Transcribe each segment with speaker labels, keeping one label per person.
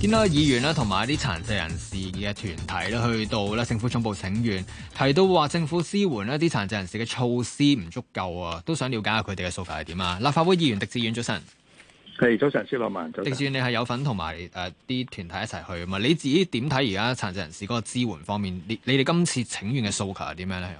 Speaker 1: 見到議員咧，同埋一啲殘疾人士嘅團體咧，去到咧政府總部請願，提到話政府支援呢啲殘疾人士嘅措施唔足夠啊都想了解下佢哋嘅訴求係點啊！立法會議員狄志遠早晨。
Speaker 2: 係，早晨，薛落文早晨。狄志
Speaker 1: 遠，你係有份同埋誒啲團體一齊去啊嘛？你自己點睇而家殘疾人士嗰個支援方面？你你哋今次請願嘅訴求係點樣咧？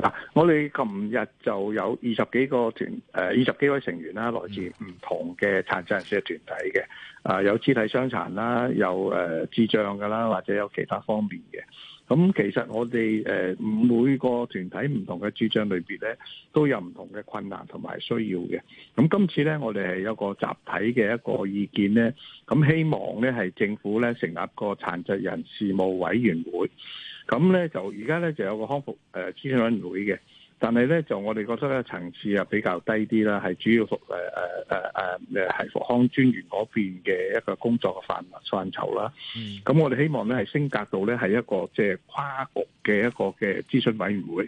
Speaker 2: 嗱，我哋琴日就有二十幾個團，誒、呃、二十幾位成員啦，來自唔同嘅殘疾人士嘅團體嘅，誒有肢體傷殘啦，有誒、呃、智障嘅啦，或者有其他方面嘅。咁其實我哋、呃、每個團體唔同嘅智障類別咧，都有唔同嘅困難同埋需要嘅。咁今次咧，我哋係有個集體嘅一個意見咧，咁希望咧係政府咧成立一個殘疾人事務委員會。咁咧就而家咧就有個康復誒諮詢委員會嘅，但係咧就我哋覺得咧層次啊比較低啲啦，係主要服誒誒誒誒誒係復康專員嗰邊嘅一個工作嘅範圍範疇啦。咁、嗯、我哋希望咧係升格到咧係一個即係跨局嘅一個嘅諮詢委員會。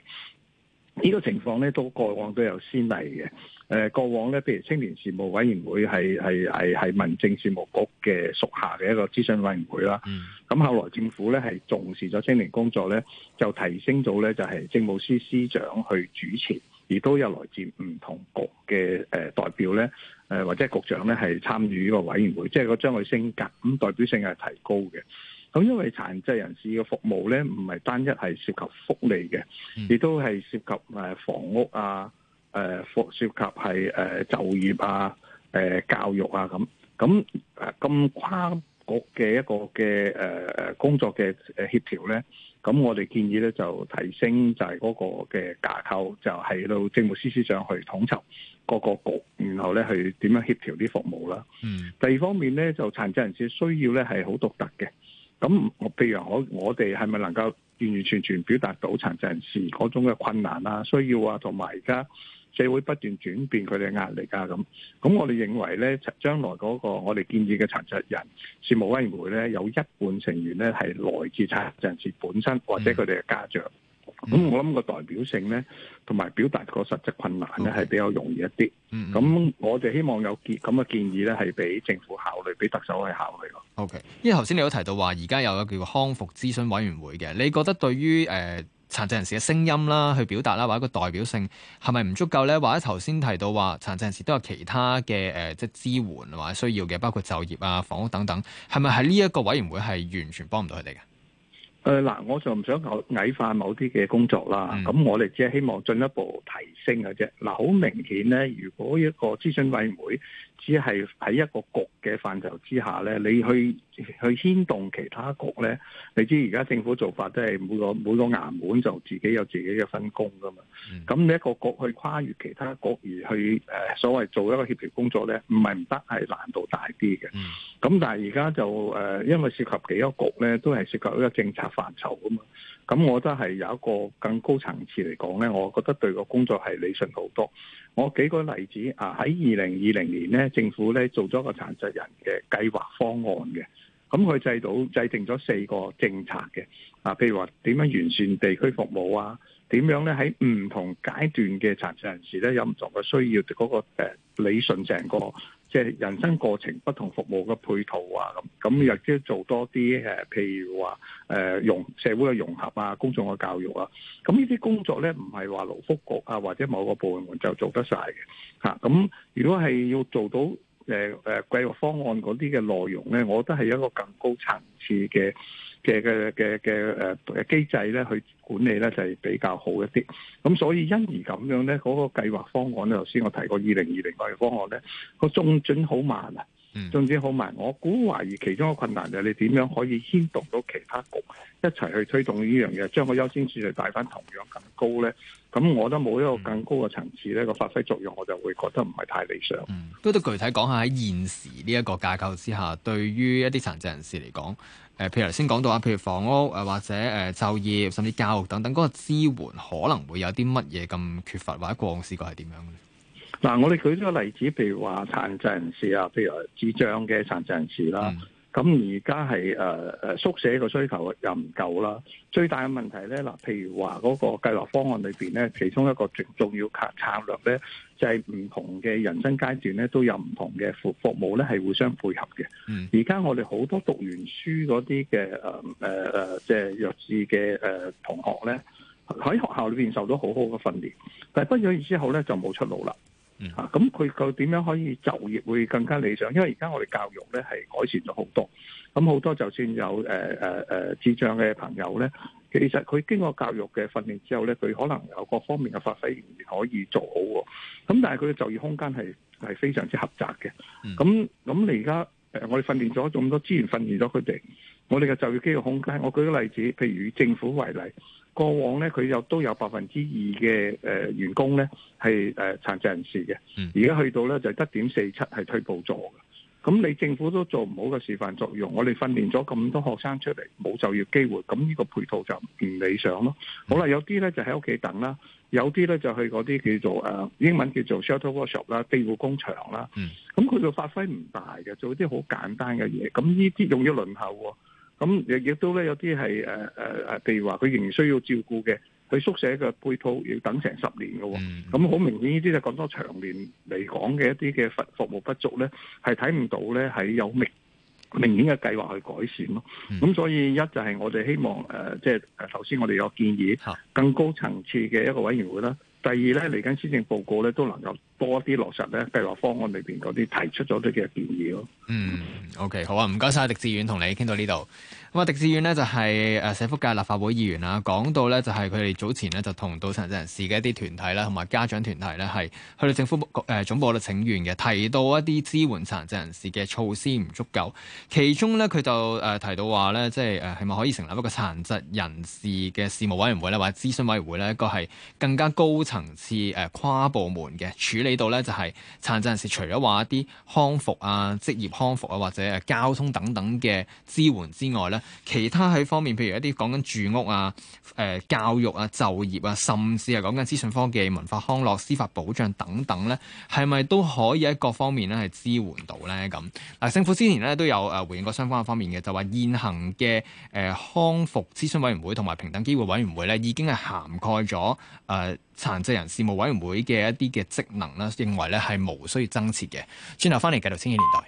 Speaker 2: 呢、這個情況咧都過往都有先例嘅。誒過往咧，譬如青年事務委員會係係係係民政事務局嘅屬下嘅一個諮詢委員會啦。咁、嗯、後來政府咧係重視咗青年工作咧，就提升咗咧就係政務司司長去主持，而都有來自唔同局嘅誒代表咧，誒或者局長咧係參與呢個委員會，即係個將佢升格咁代表性係提高嘅。咁因為殘疾人士嘅服務咧，唔係單一係涉及福利嘅，亦、嗯、都係涉及誒房屋啊。誒，涉及係誒就業啊，誒教育啊，咁咁咁跨局嘅一個嘅誒誒工作嘅協調咧，咁我哋建議咧就提升就係嗰個嘅架構，就係到政務司司長去統籌各個局，然後咧去點樣協調啲服務啦。嗯。第二方面咧，就殘疾人士需要咧係好獨特嘅，咁譬如我我哋係咪能夠完完全全表達到殘疾人士嗰種嘅困難啊、需要啊，同埋而家。社會不斷轉變他的壓力，佢哋嘅壓力啊咁，咁我哋認為咧，將來嗰個我哋建議嘅殘疾人事務委員會咧，有一半成員咧係來自殘疾人士本身或者佢哋嘅家長，咁、嗯、我諗個代表性咧，同埋表達個實質困難咧，係比較容易一啲。咁、嗯、我哋希望有建咁嘅建議咧，係俾政府考慮，俾特首去考慮咯。O、
Speaker 1: 嗯、K.，因為頭先你有提到話，而家有一叫做康復諮詢委員會嘅，你覺得對於誒？呃殘疾人士嘅聲音啦，去表達啦，或者個代表性係咪唔足夠呢？或者頭先提到話，殘疾人士都有其他嘅誒，即係支援或者需要嘅，包括就業啊、房屋等等，係咪喺呢一個委員會係完全幫唔到佢哋
Speaker 2: 嘅？誒、呃、嗱，我就唔想矮化某啲嘅工作啦。咁、嗯、我哋只係希望進一步提升嘅啫。嗱，好明顯呢，如果一個諮詢委員會，只係喺一個局嘅範疇之下咧，你去去牽動其他局咧，你知而家政府做法即係每個每個衙門就自己有自己嘅分工噶嘛。咁、mm. 你一個局去跨越其他局而去誒、呃、所謂做一個協調工作咧，唔係唔得，係難度大啲嘅。咁、mm. 但係而家就誒、呃，因為涉及幾多局咧，都係涉及一個政策範疇噶嘛。咁我覺得係有一個更高層次嚟講咧，我覺得對個工作係理順好多。我舉個例子啊，喺二零二零年咧，政府咧做咗個殘疾人嘅計劃方案嘅，咁佢製到制定咗四個政策嘅啊，譬如話點樣完善地區服務啊，點樣咧喺唔同階段嘅殘疾人士咧有唔同嘅需要，嗰個誒理順成、嗰個。即係人生過程不同服務嘅配套啊，咁咁又即係做多啲誒，譬如話誒融社會嘅融合啊，公眾嘅教育啊，咁呢啲工作咧唔係話勞福局啊或者某個部門就做得晒嘅吓。咁如果係要做到。誒、呃、誒，計、呃、劃方案嗰啲嘅內容咧，我覺得係一個更高層次嘅嘅嘅嘅嘅誒機制咧，去管理咧就係、是、比較好一啲。咁所以因而咁樣咧，嗰、那個計劃方案咧，頭先我提過二零二零嘅方案咧，個進展好慢啊。嗯、總之好埋，我估懷疑其中一個困難就係你點樣可以牽動到其他局一齊去推動呢樣嘢，將個優先次序帶翻同樣咁高咧？咁我覺得冇一個更高嘅層次咧個發揮作用，我就會覺得唔係太理想。嗯
Speaker 1: 嗯、都得具體講下喺現時呢一個架構之下，對於一啲殘疾人士嚟講，誒、呃，譬如頭先講到啊，譬如房屋誒、呃、或者誒就、呃、業甚至教育等等嗰、那個支援，可能會有啲乜嘢咁缺乏，或者過往試過係點樣嗱，
Speaker 2: 我哋舉呢個例子，譬如話殘疾人士啊，譬如智障嘅殘疾人士啦，咁而家係誒誒宿舍個需求又唔夠啦。最大嘅問題咧，嗱，譬如話嗰個計劃方案裏邊咧，其中一個最重要策略咧，就係、是、唔同嘅人生階段咧都有唔同嘅服服務咧係互相配合嘅。而、嗯、家我哋好多讀完書嗰啲嘅誒誒誒，即係弱智嘅誒同學咧，喺學校裏邊受到好好嘅訓練，但係畢業完之後咧就冇出路啦。嗯、啊！咁佢究竟點樣可以就業會更加理想？因為而家我哋教育咧係改善咗好多，咁好多就算有誒誒誒智障嘅朋友咧，其實佢經過教育嘅訓練之後咧，佢可能有各方面嘅發揮仍然可以做好喎。咁但係佢嘅就業空間係係非常之狹窄嘅。咁、嗯、咁你而家誒我哋訓練咗咁多資源，訓練咗佢哋，我哋嘅就業機會空間，我舉個例子，譬如以政府為例。過往咧佢有都有百分之二嘅誒員工咧係誒殘疾人士嘅，而、mm. 家去到咧就得點四七係退步咗嘅。咁你政府都做唔好嘅示範作用，我哋訓練咗咁多學生出嚟冇就業機會，咁呢個配套就唔理想咯。Mm. 好啦，有啲咧就喺屋企等啦，有啲咧就去嗰啲叫做誒英文叫做 sheltered workshop 啦、庇護工場啦，咁、mm. 佢就發揮唔大嘅，做啲好簡單嘅嘢。咁呢啲用咗輪候。咁亦亦都咧，有啲係誒誒誒，譬如話佢仍然需要照顧嘅，佢宿舍嘅配套要等成十年嘅，咁、嗯、好明顯呢啲就講多長年嚟講嘅一啲嘅服服務不足咧，係睇唔到咧，係有明明顯嘅計劃去改善咯。咁、嗯、所以一就係我哋希望誒，即係誒，頭先我哋有建議更高層次嘅一個委員會啦。第二咧嚟緊施政報告咧都能夠。多啲落
Speaker 1: 實咧，計劃方案裏邊嗰啲提出咗啲嘅建議咯。嗯，OK，好啊，唔該晒。狄志遠，同你傾到呢度。咁啊，狄志遠呢，就係、是、誒社福界立法會議員啦。講到呢，就係佢哋早前呢，就同到殘疾人士嘅一啲團體啦，同埋家長團體呢，係去到政府誒、呃、總部度請願嘅，提到一啲支援殘疾人士嘅措施唔足夠。其中呢，佢就誒提到話呢，即係誒係咪可以成立一個殘疾人士嘅事務委員會呢？或者諮詢委員會呢？一個係更加高層次誒、呃、跨部門嘅處理。喺度咧就係殘疾人士，除咗話一啲康復啊、職業康復啊，或者交通等等嘅支援之外咧，其他喺方面，譬如一啲講緊住屋啊、誒教育啊、就業啊，甚至係講緊資訊科技、文化康樂、司法保障等等咧，係咪都可以喺各方面咧係支援到咧？咁嗱，政府之前咧都有誒回應過相關嘅方面嘅，就話現行嘅誒康復諮詢委員會同埋平等機會委員會咧，已經係涵蓋咗誒、呃、殘疾人事務委員會嘅一啲嘅職能。啦，認為咧係無需要增設嘅。轉頭翻嚟繼續《千禧年代》。